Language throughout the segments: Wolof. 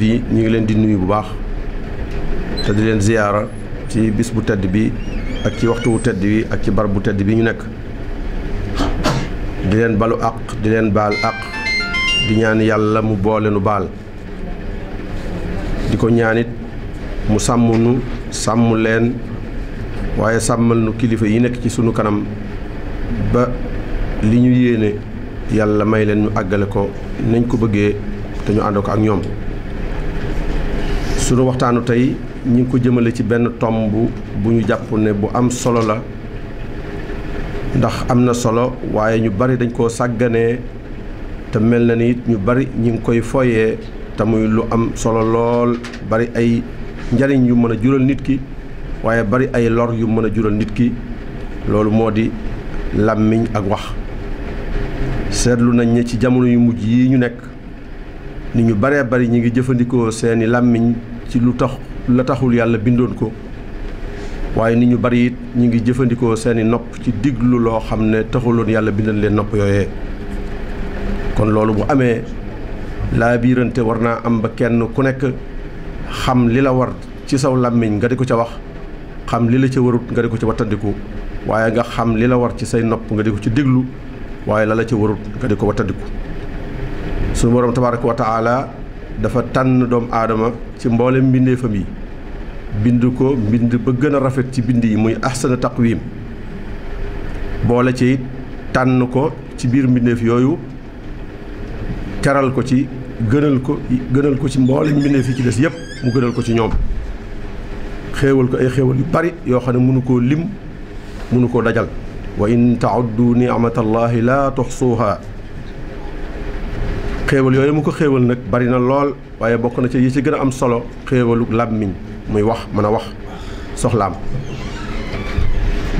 jullit yi ñu ngi leen di nuyu bu baax te di leen ziyaara ci bis bu tedd bi ak ci waxtu wu tedd bi ak ci bar bu tedd bi ñu nekk di leen balu àq di leen baal àq di ñaan yàlla mu boole nu baal di ko ñaanit mu sàmm nu sàmm leen waaye sàmmal nu kilifa yi nekk ci sunu kanam ba li ñu yéene yàlla may leen ñu àggale ko nañ ko bëggee te ñu ànd ko ak ñoom suñu waxtaanu tey ñu ngi ko jëmale ci benn tomb bu ñu jàpp ne bu am solo la ndax am na solo waaye ñu bari dañ koo sàgganee te mel na ni ñu bari ñu ngi koy foyee te muy lu am solo lool bari ay njariñ yu mën a jural nit ki waaye bari ay lor yu mën a jural nit ki loolu moo di làmmiñ ak wax seetlu nañ ci jamono yu mujj yi ñu nekk ni ñu bare bari ñi ngi jëfandikoo seeni làmmiñ ci lu tax la taxul yàlla bindoon ko waaye nit ñu bari it ñu ngi jëfandikoo seeni nopp ci diglu loo xam ne taxuloon yàlla bindoon leen nopp yooye kon loolu bu amee laa biirante war naa am ba kenn ku nekk xam li la war ci saw làmmiñ nga di ko ca wax xam li la ca warut nga di ko ca wattandiku waaye nga xam li la war ci say nopp nga di ko ci diglu waaye la la ca warut nga di ko wattandiku suñu borom tabaaraka wa dafa tànn doomu aadama ci mboolem mbindeefam yi bind ko mbind ba gën a rafet ci bind yi muy ahsana taqwiim boole ci tànn ko ci biir mbindeef yooyu teral ko ci gënal ko gënal ko ci mboolem mbindeef yi ci des yépp mu gënal ko ci ñoom xéewal ko ay xéewal yu bari yoo xam ne mënu koo lim mënu koo dajal wa in taaddu nicmatallahi laa tuxsuuha xéewal yooyu mu ko xéewal nag bari na lool waaye bokk na ci yi ci gën a am solo xéewalu làmmiñ muy wax mën a wax soxlaam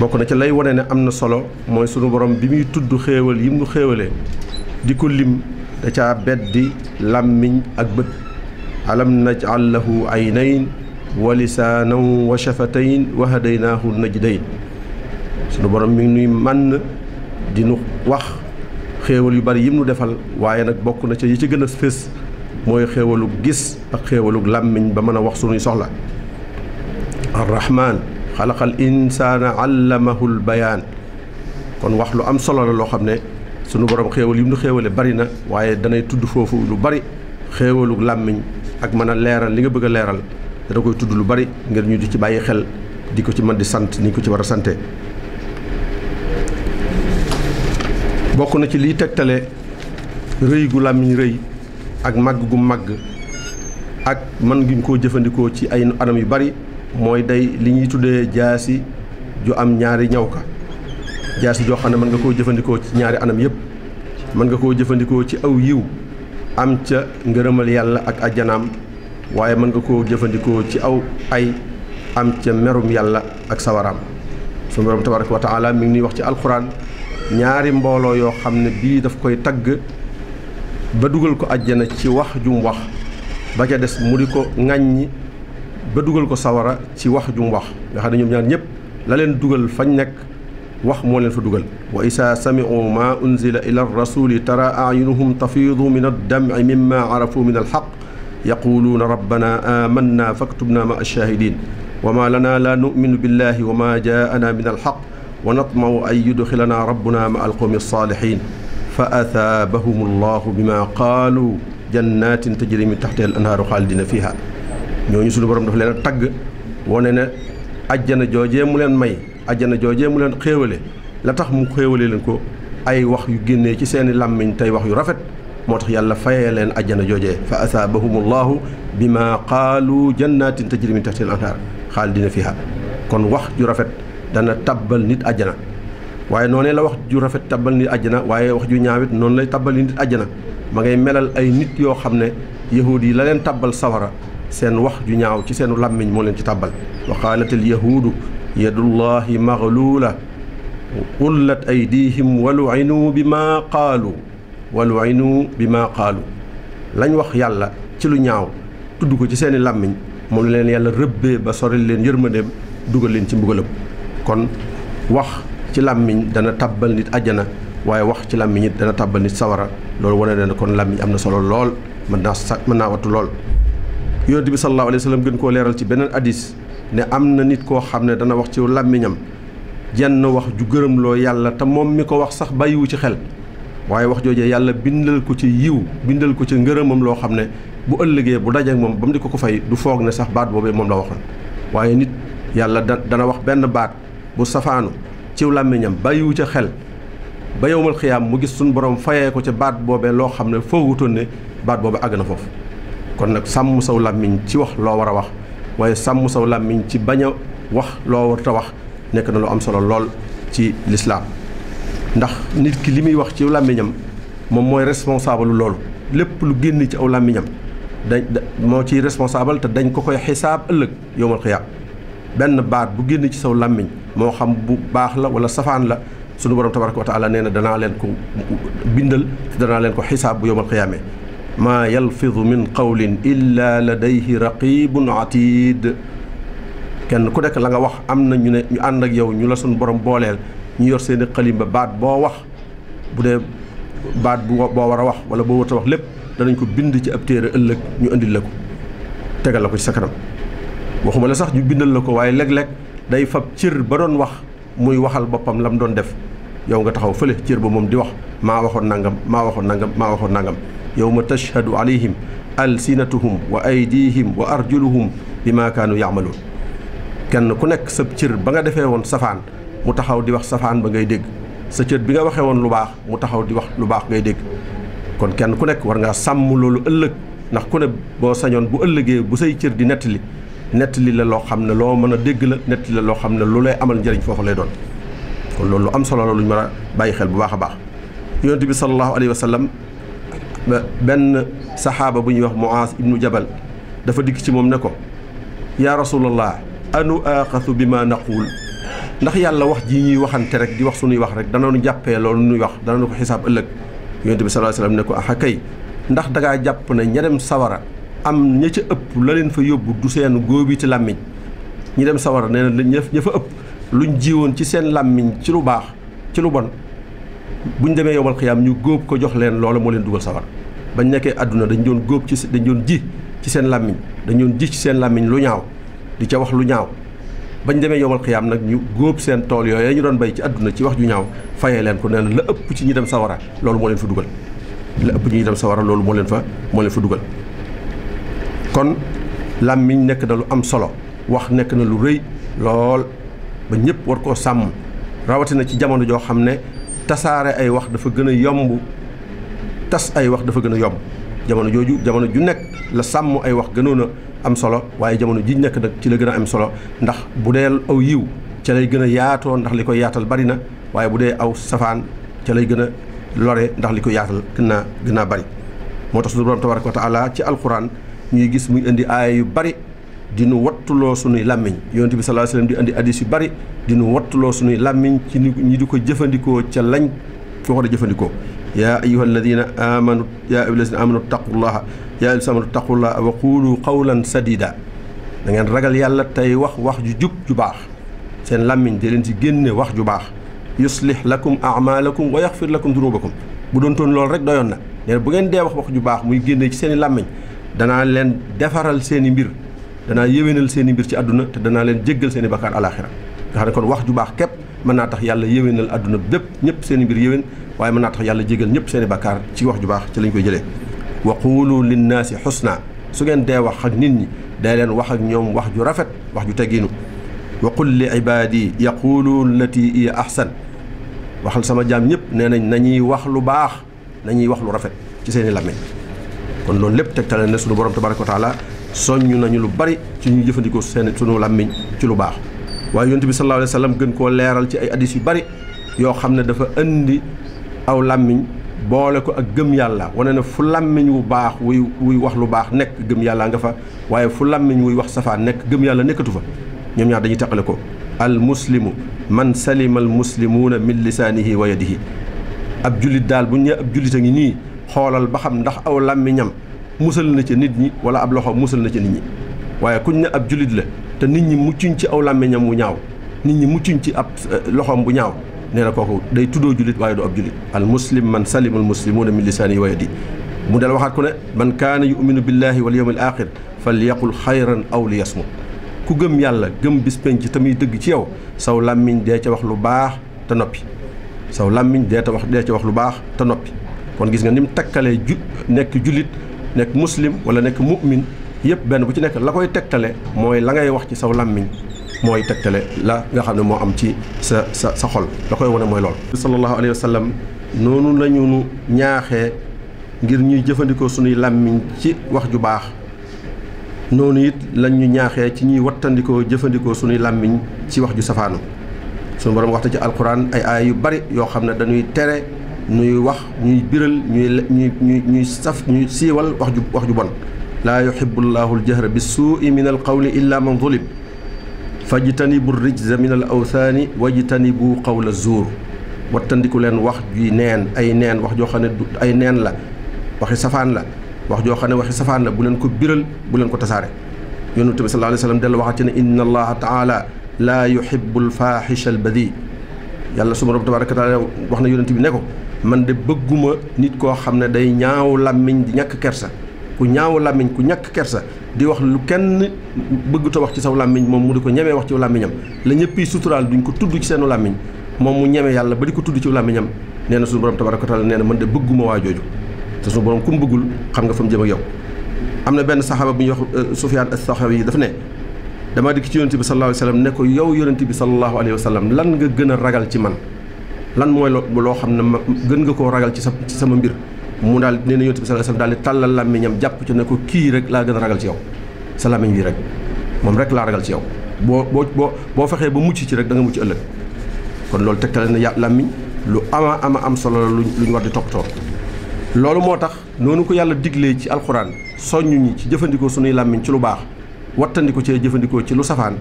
bokk na ci lay wane ne am na solo mooy sunu borom bi muy tudd xéewal yi mu xéewalee di ko lim da caa beddi làmmiñ ak bët alam naj'al lahu aynayn wa lisaanan wa shafatayn wa hadaynaahu najdayn sunu borom mi ngi nuy mànn di nu wax xéewal yu bari yim nu defal waaye nag bokk na ca yi ci gën a fés mooy xéewalug gis ak xéewalug làmmiñ ba mën a wax sunuy soxla arrahman xalaqa al insaana allamahu l bayaan kon wax lu am solo la loo xam ne sunu borom xéewal yim nu xéewale bari na waaye danay tudd foofu lu bari xéewalug làmmiñ ak mën a leeral li nga bëgg a leeral dana koy tudd lu bari ngir ñu di ci bàyyi xel di ko ci mën di sant ni ko ci war a sante bokk na ci liy tegtale rëy gu làmmiñ rëy ak màgg gu màgg ak mën ngi koo jëfandikoo ci ay anam yu bari mooy day li ñuy tuddee jaasi ju am ñaari ñawka jaasi joo xam ne mën nga koo jëfandikoo ci ñaari anam yëpp mën nga koo jëfandikoo ci aw yiw am ca ngërëmal yàlla ak ajjanaam waaye mën nga koo jëfandikoo ci aw ay am ca merum yàlla ak sawaraam su borom tabaraka wa taala mi ngi nuy wax ci alxuraan ñaari mbooloo yoo xam ne bii daf koy tagg ba dugal ko àjjana ci wax jum wax ba ca des mu di ko ŋàññi ba dugal ko sawara ci wax jum wax nga xam ne ñoom ñaar ñëpp la leen dugal fañ nekk wax moo leen fa dugal wa isaa sami'u ma unzila ila rasuli tara ayunuhum tafiidu min addam'i mimma arafu min alxaq yaquluuna rabbana amanna faktubna ma alshahidin wa ma lana la numinu billahi wa ma jaana min alxaq wa natmaw an yudxilana rabbuna ma alqawmi alsaalihin fa athaabahum allahu bima qaalu jannatin tajri min taxtiha al anhaaru xaalidina fiha ñooñu suñu borom dafa leen a tagg wane ne ajjana joojee mu leen may ajjana joojee mu leen xéewale la tax mu xéewale leen ko ay wax yu génnee ci seeni làmmiñ tey wax yu rafet moo tax yàlla fayee leen ajjana joojee fa asaabahum allahu bima qaalu jannatin tajri min taxtiha al anhaar xaalidina fiha kon wax ju rafet dana tabbal nit àjjana waaye noonee la wax ju rafet tabbal nit àjjana waaye wax ju ñaawit noonu lay tabbal nit àjjana ma ngay melal ay nit yoo xam ne yahuud yi la leen tabbal sawara seen wax ju ñaaw ci seenu làmmiñ moo leen ci tabbal wa qaalat al yahuudu yadullahi ay qullat aydihim waluinu bi maa qaalu waluinu bi maa qaalu lañ wax yàlla ci lu ñaaw tudd ko ci seeni làmmiñ moom leen yàlla rëbbe ba soril leen yërmandeem dugal leen ci mbugalam kon wax ci làmmiñ dana tàbbal nit àjjana waaye wax ci làmmiñ it dana tàbbal nit sawara loolu wane na ne kon làmmiñ am na solo lool mën naa sa mën naa wattu lool yonent bi sallallahu alayhi wa sallam gën koo leeral ci beneen addis ne am na nit koo xam ne dana wax ci làmmiñam jenn wax ju gërëm loo yàlla te moom mi ko wax sax bàyyiwu ci xel waaye wax joojee yàlla bindal ko ci yiw bindal ko ci ngërëmam loo xam ne bu ëllëgee bu dajeek moom ba mu di ko ko fay du foog ne sax baat boobee moom la yàlla da wax benn baat bu safaanu ciw làmmiñam bàyyiwu ca xel ba yowmal xiyaam mu gis suñ borom fayee ko ca baat boobe loo xam ne foo wutoon ne baat boobe àgg na foofu kon nag sàmm saw làmmiñ ci wax loo war a wax waaye sàmm saw làmmiñ ci bañ a wax loo war a wax nekk na lu am solo lool ci lislaam ndax nit ki li muy wax ci làmmiñam moom mooy responsable loolu lépp lu génn ci aw làmmiñam dañ moo ciy responsable te dañ ko koy xisaab ëllëg yowmal xiyaam benn baat bu génn ci saw làmmiñ moo xam bu baax la wala safaan la sunu borom tabaraka wa nee na danaa leen ko bindal te danaa leen ko xisaab bu yowmal qiyaame maa yalfidu min qawlin illa ladayhi raqibun atid kenn ku nekk la nga wax am na ñu ne ñu ànd ak yow ñu la sunu borom booleel ñu yor seen i xalimba baat boo wax bu dee baat bu boo war a wax wala boo war wax lépp danañ ko bind ci ab téere ëllëg ñu indil la ko tegal la ko ci sa kanam waxuma la sax ñu bindal la ko waaye léeg-léeg day fab cër ba doon wax muy waxal boppam la mu doon def yow nga taxaw fële cër ba moom di wax maa waxoon nangam maa waxoon nangam maa waxoon nangam yawma tashhadu alayhim alsinatuhum wa aydihim wa arjuluhum bima kaanu yaamaluun kenn ku nekk sa cër ba nga defee woon safaan mu taxaw di wax safaan ba ngay dégg sa cër bi nga waxee woon lu baax mu taxaw di wax lu baax ngay dégg kon kenn ku nekk war ngaa sàmm loolu ëllëg ndax ku ne boo sañoon bu ëllëgee bu say cër di nettali nettali la loo xam ne loo mën a dégg la nettali la loo xam ne lu lay amal njëriñ foofu lay doon kon loolu am solo la lu ñu mën a bàyyi xel bu baax a baax yonent bi sallallahu alayhi wa sallam benn saxaaba bu ñuy wax Muaas ibnu Jabal dafa dikk ci moom ne ko yaa rasulallah anu aaxasu bi ma naquul ndax yàlla wax ji ñuy waxante rek di wax suñuy wax rek danañu jàppee loolu ñuy wax danañu ko xisaab ëllëg yonent bi sallallahu alayhi wa ne ko axa kay ndax dangaa jàpp ne ña sawara am ña ca ëpp la leen fa yóbbu du seen góob yi ci làmmiñ ñi dem sawara nee na ña fa ëpp luñ jiwoon ci seen làmmiñ ci lu baax ci lu bon buñ demee yomal xiyaam ñu góob ko jox leen loola moo leen dugal sawar bañ nekkee àdduna dañ doon góob ci dañ doon ji ci seen làmmiñ dañ doon ji ci seen làmmiñ lu ñaaw di ca wax lu ñaaw bañ demee yomal xiyaam nag ñu góob seen tool yooyu ñu doon bay ci àdduna ci wax ju ñaaw fayee leen ko nee na la ëpp ci ñi dem sawara loolu moo leen fa dugal la ëpp ñi dem sawara loolu moo leen fa moo leen fa dugal kon làmmiñ nekk na lu am solo wax nekk na lu rëy lool ba ñëpp war koo sàmm rawatina ci jamono joo xam ne tasaare ay wax dafa gën a yomb tas ay wax dafa gën a yomb jamono jooju jamono ju nekk la sàmm ay wax gënoona am solo waaye jamono ji nekk nag ci la gën a am solo ndax bu dee aw yiw ca lay gën a yaatoo ndax li ko yaatal bari na waaye bu dee aw safaan ca lay gën a lore ndax li ko yaatal gën naa gën naa bari moo tax suñu borom tabaraka wa ci alquran ñuy gis muy indi aaya yu bari di nu wattuloo sunuy làmmiñ yonent bi sallallahu alayhi wasallam di indi addis yu bari di nu wattuloo sunuy làmmiñ ci ñi di ko jëfandikoo ca lañ ko war a jëfandikoo yaa ayyuha alladina amanu yaa ayyuha alladina amanu taqullaha yaa ayyuha amanu taqullaha wa qulu qawlan sadida da ngeen ragal yàlla tey wax wax ju jub ju baax seen làmmiñ di leen ci génne wax ju baax yuslih lakum amalakum wa yaxfir lakum dunubakum bu doon toon loolu rek doyoon na nee bu ngeen dee wax wax ju baax muy génne ci seen i làmmiñ danaa leen defaral seen i mbir danaa yéwénal seen i mbir ci àdduna te danaa leen jéggal seen i bakkaar alaaxira nga xam ne kon wax ju baax képp mën naa tax yàlla yéwénal àdduna bépp ñëpp seeni mbir yéwén waaye mën naa tax yàlla jéggal ñëpp seen i bakkaar ci wax ju baax ci lañ koy jëlee wa quulu linnaasi xusna su ngeen dee wax ak nit ñi day leen wax ak ñoom wax ju rafet wax ju teggiinu wa qul li ibaadi yaquulu lati iya ahsan waxal sama jaam ñëpp nee nañ nañuy wax lu baax nañuy wax lu rafet ci seen i làmmiñ kon loolu lépp teg tegtale na suñu borom tabaraka wa taala soññu nañu lu bari ci ñu jëfandikoo seen sunu làmmiñ ci lu baax waaye yonent bi sallallahu alayhi wa sallam gën koo leeral ci ay hadis yu bari yoo xam ne dafa indi aw làmmiñ boole ko ak gëm yàlla wane na fu làmmiñ wu baax wuy wuy wax lu baax nekk gëm yàlla nga fa waaye fu làmmiñ wuy wax safaan nekk gëm yàlla nekkatu fa ñoom ñax dañuy teqale ko al muslimu man salima al muslimuuna min lisaanihi wa yadihi ab jullit daal bu ñu ab jullit a ngi nii xoolal ba xam ndax aw làmmiñam musal na ca nit ñi wala ab loxo musal na ca nit ñi waaye kuñ ne ab jullit la te nit ñi muccuñ ci aw làmmiñam wu ñaaw nit ñi muccuñ ci ab eh, loxoom bu ñaaw nee na kooku day tuddoo jullit waaye du ab jullit al muslim man salimul muslimuuna min lisaani wa yadi mu del waxaat ku ne man kaana yuminu billahi wal yawmil axir fal yaqul xayran aw li ku gëm yàlla gëm bis penc te muy dëgg ci yow saw làmmiñ dee ca wax lu baax te noppi saw làmmiñ dee ta wax dee ca wax lu baax te noppi kon gis nga ni mu takkalee ju nekk jullit nekk muslim wala nekk mu'min yëpp benn bu ci nekk la koy tegtale mooy la ngay wax ci saw làmmiñ mooy tegtale la nga xam ne moo am ci sa sa sa xol la koy wane mooy lool. sallallahu sa wa sallam noonu lañu ñu ñaaxee ngir ñuy jëfandikoo suñuy làmmiñ ci wax ju baax noonu it lañ ñu ñaaxee ci ñuy wattandikoo jëfandikoo suñuy làmmiñ ci wax ju safaanu. suñu borom waxta ci alquran ay aaya yu bari yoo xam ne dañuy tere. ñuy wax ñuy biral ñuy ñuy ñu saf ñuy siiwal wax ju wax ju bon laa yuxibu llahu bi bisuui min alqawli illa man zulim fajtanibu rijza min al awthaani wajtanibu qawla zuur wattandiku leen wax juy neen ay neen wax joo xam ne ay neen la waxi safaan la wax joo xam ne waxi safaan la bu leen ko biral bu leen ko tasaare yonent bi sallallahu alayhi wa sallam dellu waxaat ci ne inna allaha la laa yuhibu alfaaxisha albadi yàlla su ma rob tabaraka wax na yonent bi ne man de bëgguma nit koo xam ne day ñaaw làmmiñ di ñàkk kersa ku ñaaw làmmiñ ku ñàkk kersa di wax lu kenn bëgguta wax ci saw làmmiñ moom mu di ko ñemee wax ci làmmiñam la ñëppiy suturaal duñ ko tudd ci seenu làmmiñ moom mu ñeme yàlla ba di ko tudd ci làmmiñam nee na suñu borom tabaraka taala nee na man de bëgguma waa jooju te suñu borom ku mu bëggul xam nga fa mu jëm ak yow am na benn saxaaba bu ñuy wax euh, Sufyaan as-Saxaawi yi dafa ne dama dikk ci yonente bi sallallahu alayhi wa sallam ne yow yonente bi sallallahu alayhi wa sallam lan nga gën a ragal ci man lan mooy loo xam ne ma gën nga koo ragal ci sa ci sama mbir mu daal nee na yonent bi sallallahu alayhi wasallam daal di tàllal làmmiñam jàpp ci ne ko kii rek laa gën a ragal ci yow sa làmmiñ wi rek moom rek laa ragal ci yow boo boo boo boo fexee ba mucc ci rek da nga mucc ëllëg kon loolu tegtale na ya làmmiñ lu ama ama am solo la lu ñu war di toppatoo loolu moo tax noonu ko yàlla diglee ci alxuraan soññu ñi ci jëfandikoo suñuy làmmiñ ci lu baax wattandiko cee jëfandikoo ci lu safaan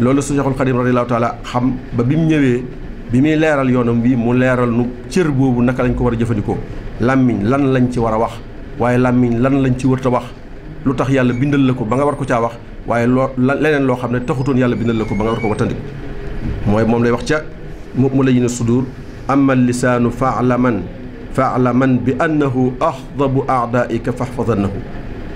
loolu su Seexul Xadim radiyallaahu taala xam ba bi mu ñëwee bi muy leeral yoonam wi mu leeral nu cër boobu naka lañ ko war a jëfandikoo làmmiñ lan lañ ci war a wax waaye làmmiñ lan lañ ci wërta wax lu tax yàlla bindal la ko ba nga war ko caa wax waaye loo leneen loo xam ne taxutoon yàlla bindal la ko ba nga war ko wattandiku mooy moom lay wax ca mu la ñu ne sudur ama lisaanu faalaman faalaman bi annahu axdabu aadaika fahfadannahu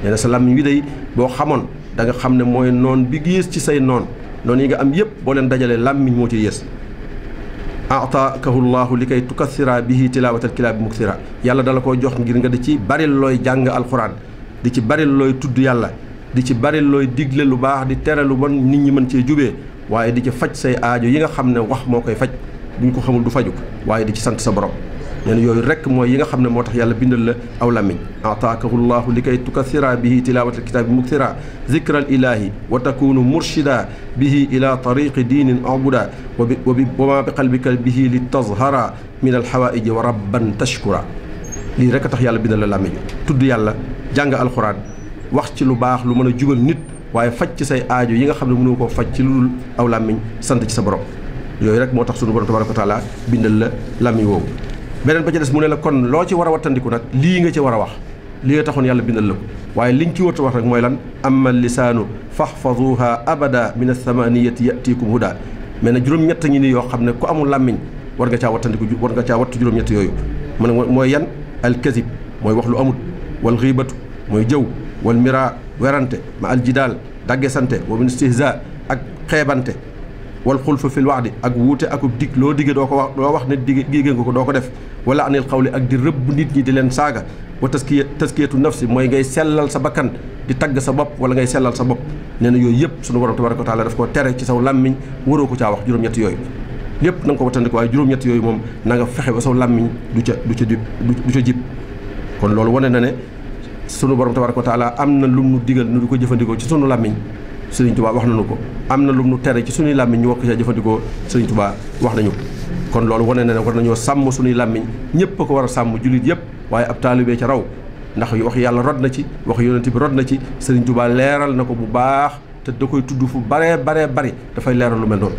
nee na sa làmmiñ wi day boo xamoon da nga xam ne mooy noon bi yées ci say noon noonu yi am yëpp boo leen dajalee làmmiñ moo ci yées ataakahu llahu li kay tukassira bihi tilaawatal kilaabi muksira yàlla dala koo jox ngir nga di ci bari looy jàng alxuraan di ci bari looy tudd yàlla di ci bari looy digle lu baax di tere lu bon nit ñi mën cee jubee waaye di ci faj say aajo yi nga xam ne wax moo koy faj bu ñu ko xamul du faju waaye di ci sant sa borom nee na yooyu rek mooy yi nga xam ne moo tax yàlla bindal la aw làmmiñ ataakahu llahu li kay tukassira bihi tilaawatal kitaabi muksira zikral ilahi wa takunu murshida bihi ila tariqi diinin abuda wa bi wa bi wama bi qalbika bihi li tazhara min alxawaaiji wa rabban tashkura lii rek a tax yàlla bindal la làmmiñ tudd yàlla jàng alxuraan wax ci lu baax lu mën a jubal nit waaye faj ci say aajo yi nga xam ne mënu koo faj ci lu dul aw làmmiñ sant ci sa borom yooyu rek moo tax sunu borom tabaraka wa taala bindal la làmmiñ woowu beneen ba ca des mu ne la kon loo ci war a wattandiku nag lii nga ci war a wax li nga taxoon yàlla bindal la ko waaye li nga ci warta wax nag mooy lan am amma lisaanu fahfaduha abada min athamaniyati yatikum huda mais na juróom-ñett ngi nii yoo xam ne ku amul làmmiñ war nga caa wattandiku war nga caa wattu juróom-ñett yooyu mu ne mooy yan alkasib mooy wax lu amut wal xiibatu mooy jëw wal mira werante ma aljidaal dagge sante wa min istihza ak xeebante wal xulfa fil waxdi ak wute akub dig loo digge doo ko wax loo wax ne digge géegée nga ko doo ko def wala anil xawli ak di rëbb nit ñi di leen saaga wa taskiya taskiyatu nafsi mooy ngay sellal sa bakkan di tagg sa bopp wala ngay sellal sa bopp nee na yooyu yëpp sunu borom tabaraka wa taala daf koo tere ci saw làmmiñ waroo ko caa wax juróom-ñetti yooyu lépp na nga ko wattandiku waaye juróom-ñetti yooyu moom na nga fexe ba saw làmmiñ du ca du ca du ca kon loolu wane na ne sunu borom tabaraka wa taala am na lu mu digal nu di ko jëfandikoo ci sunu làmmiñ Serigne Touba wax nañu ko am na lu mu tere ci suñuy làmmiñ ñu wax ko ca jëfandikoo Serigne Touba wax nañu ko kon loolu wane na ne war nañoo sàmm suñuy làmmiñ ñëpp a ko war a sàmm jullit yëpp waaye ab taalibee ca raw ndax wax yàlla rod na ci wax yonent bi rod na ci Serigne Touba leeral na ko bu baax te da koy tudd fu bare bare bari dafay leeral lu mel noonu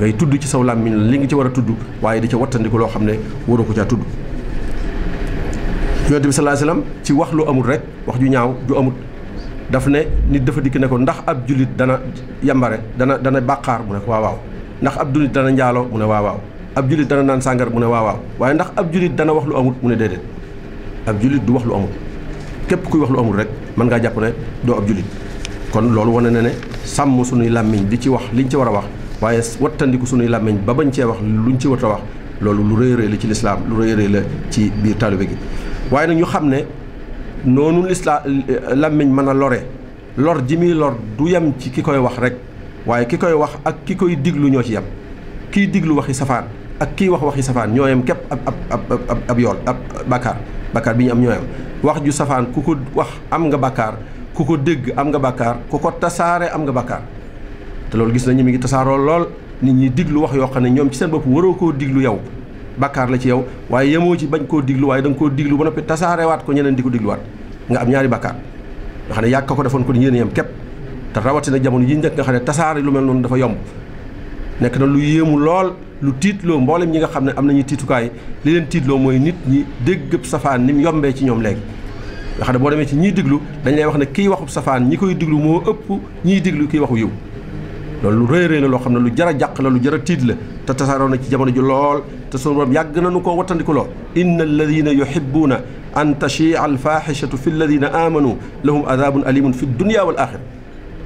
ngay tudd ci saw làmmiñ la li nga ci war a tudd waaye di ca wattandiku loo xam ne waroo ko caa tudd ci wax lu amul rek wax ju ñaaw daf ne nit dafa dikk ne ko ndax ab jullit dana yambare dana dana bàqaar mu ne ko waaw waaw ndax ab jullit dana njaaloo mu ne waaw waaw ab jullit dana naan sàngar mu ne waaw waaw waaye ndax ab jullit dana wax lu amut mu ne déedéet ab jullit du wax lu amut képp kuy wax lu amul rek mën ngaa jàpp ne doo ab jullit kon loolu wane na ne sàmm suñuy làmmiñ di ci wax liñ ci war a wax waaye wattandiku sunuy làmmiñ ba bañ cee wax lu ñu ci war a wax loolu lu rëy rëy la ci lislaam lu rëy rëy la ci biir gi waaye nag ñu xam ne noonu lisla làmmiñ mën a lore lor ji muy lor du yem ci ki koy wax rek waaye ki koy wax ak ki koy diglu ñoo ci yem kiy diglu waxi safaan ak kiy wax waxi safaan ñoo yem képp ab ab ab ab yool ab bàkkaar bàkkaar bi ñu am ñoo yem wax ju safaan ku ko wax am nga bàkkaar ku ko dégg am nga bàkkaar ku ko tasaare am nga bàkkaar te loolu gis nañu mi ngi tasaaroo lool nit ñi diglu wax yoo xam ne ñoom ci seen bopp waroo koo diglu yow bàkkaar la ci yow waaye yemoo ci bañ koo diglu waaye danga koo diglu ba noppi tasaarewaat ko ñeneen di ko digluwaat nga am ñaari bàkkaar nga xam ne yàgg ko defoon ko yéen yam képp te rawatina jamono yi njëkk nga xam ne tasaare lu mel noonu dafa yomb nekk na lu yéemu lool lu tiitloo mboolem ñi nga xam ne am nañu tiitukaay li leen tiitloo mooy nit ñi déggëb safaan ni mu yombee ci ñoom léegi nga xam ne boo demee ci ñiy diglu dañ lay wax ne kii waxub safaan ñi koy diglu moo ëpp ñiy diglu kii waxu yiw loolu lu rëy na loo xam ne lu jar a jàq la lu jar a tiit la te tasaaroo na ci jamono ji lool te sunu borom yàgg nañu koo wattandiku loo inna alladina yuhibbuuna an tachia alfaaxishatu fi alladina amanu lahum adabun alimun fi dunia wal axira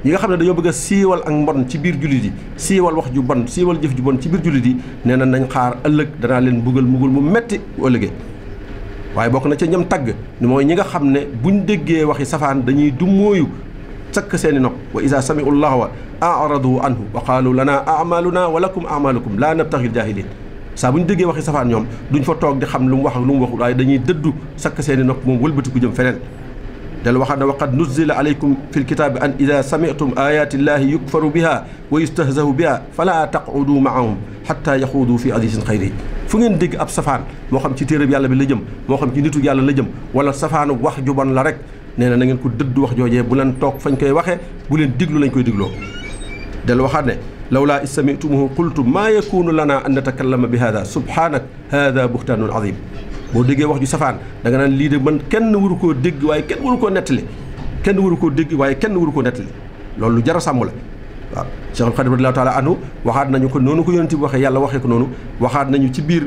ñi nga xam ne dañoo bëgg a siiwal ak mbon ci biir jullit yi siiwal wax ju bon siiwal jëf ju bon ci biir jullit yi nee na nañ xaar ëllëg danaa leen buggal mugul mu metti bu ëllëgee waaye bokk na ca ñam tàgg ni mooy ñi nga xam ne buñ déggee waxi safaan dañuy du mooyu sakk seen i nopp wa ida samiu llahwa aradu anhu wa qaalu lana amaluna wa lakum amalukum laa nabtaxi ljahilin saa bu ñu déggee waxi safaan ñoom duñ fa toog di xam lu mu wax ak lu mu waxul waaye dañuy dëddu sakk seen i nopp moom wëlbatiku jëm feneen del waxaat ne waqad nuzila alaykum fi lkitaabi an ida samitum ayati illahi yukfaru biha wa yustahzahu biha fala taqudu maahum xatta yaxuudu fi hadisin xayri fu ngeen dégg ab safaan moo xam ci téereb yàlla bi la jëm moo xam ci nitu yàlla la jëm wala safaanu wax ju bon la rek nee na na ngeen ko dëdd wax joojee bu leen toog fañ koy waxee bu leen diglu lañ koy digloo del waxaat ne lawlaa istamitumuhu qultu maa yakunu lana an natakallama bi hada subhanak hada buxtaanun azim boo déggee wax ju safaan da nga naan lii de man kenn waru koo dégg waaye kenn waru koo nettali kenn waru koo dégg waaye kenn waru koo nettali loolu jara jar sàmm la waaw Cheikhul Khadim radiyallahu taala anhu waxaat nañu ko noonu ko yonent bi waxee yàlla waxee ko noonu waxaat nañu ci biir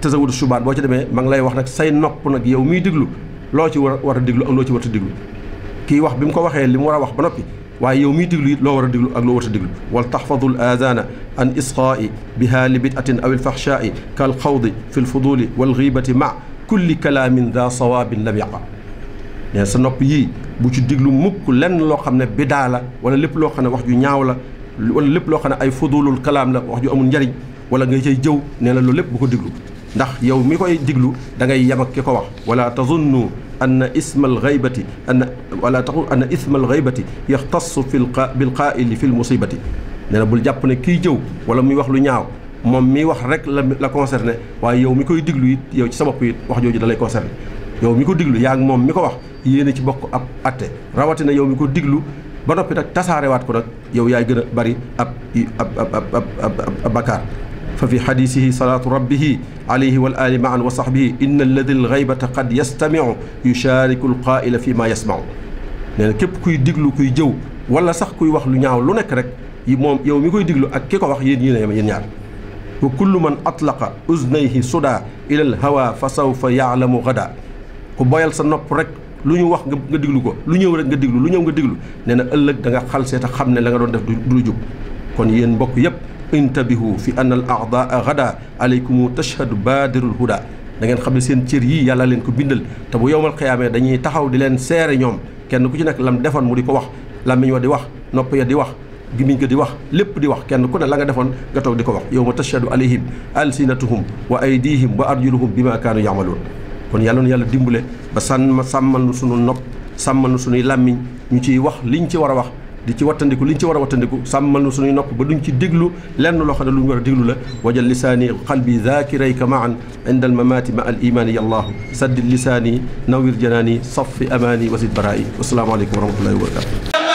tasawudu subaan boo ci demee ma ngi lay wax nag say nopp nag yow miy déglu loo ci war a war a diglu ak loo ci war a diglu kiy wax bi mu ko waxee li mu war a wax ba noppi waaye yow miy diglu loo war a diglu ak loo war a diglu wal taxfadu l aadaana an isqaa'i biha li bidatin aw ilfaxshaa'i kal xawdi fi lfuduli walxiibati ma kulli kalaamin da sawaabin labiqa ne sa nopp yii bu ci diglu mukk lenn loo xam ne bidaa la wala lépp loo xam ne wax ju ñaaw la wala lépp loo xam ne ay fudulul kalaam la wax ju amul njariñ wala nga cay jëw nee na loolu lépp bu diglu ndax yow mi koy diglu da ngay yem ki ko wax wala tazunnu anna isma alxaybati anna wala tazunnu anna isma alxaybati yaxtassu fi bilqaa'ili fi lmusibati nee na bul jàpp ne kiy jëw wala muy wax lu ñaaw moom mi wax rek la la waaye yow mi koy diglu it yow ci sama bopp wax jooju dalay lay concerné yow mi ko diglu yaa ngi moom mi ko wax yéen ci bokk ab atte rawatina yow mi ko diglu ba noppi nag tasaarewaat ko nag yow yaay gën a bari ab ab ab ab fa fi xadiisihi salaatu rabbihi alayhi wal aali maan wa saxbihi inna alladi alxaybata qad yastamiu yushariku alqaaila fi ma yasmau nee na képp kuy diglu kuy jëw wala sax kuy wax lu ñaaw lu nekk rek yi moom yow mi koy diglu ak ki ko wax yéen yéen yéen ñaar wa kullu man atlaqa uznayhi suda ila al hawa fa sawfa yaalamu gada ku boyal sa nopp rek lu ñu wax nga diglu ko lu ñëw rek nga diglu lu ñëw nga diglu nee na ëllëg da nga xalsee te xam ne la nga doon def du lu jub kon yéen mbokk yépp intabihu fi anna al a'daa ghadan alaykum tashhadu baadirul huda da ngeen xam ne seen cër yii yàlla leen ko bindal te bu yowmal xiyaamee dañuy taxaw di leen seere ñoom kenn ku ci nekk lam defoon mu di ko wax làmmiñ wa di wax nopp ya di wax gimiñ ko di wax lépp di wax kenn ku ne la nga defoon nga toog di ko wax yawma tashhadu alayhim alsinatuhum wa aydihim wa arjuluhum bima kaanu ya'maluun kon yàlla nu yàlla dimbale ba sàmm sàmmal sunu nopp sàmmal nu sunuy làmmiñ ñu ciy wax liñ ci war a wax di ci wattandiku li ñu ci war a wattandiku sàmmal na suñuy nopp ba duñ ci déglu lenn loo xam ne lu ñu war a déglu la wajal lisaani qalbi zakirayka maan inda al mamaati ma al imaani ya allahu saddi lisaani nawir janaani saffi amaani wasid baraay wasalaamaaleykum wa rahmatullahi wa barakatu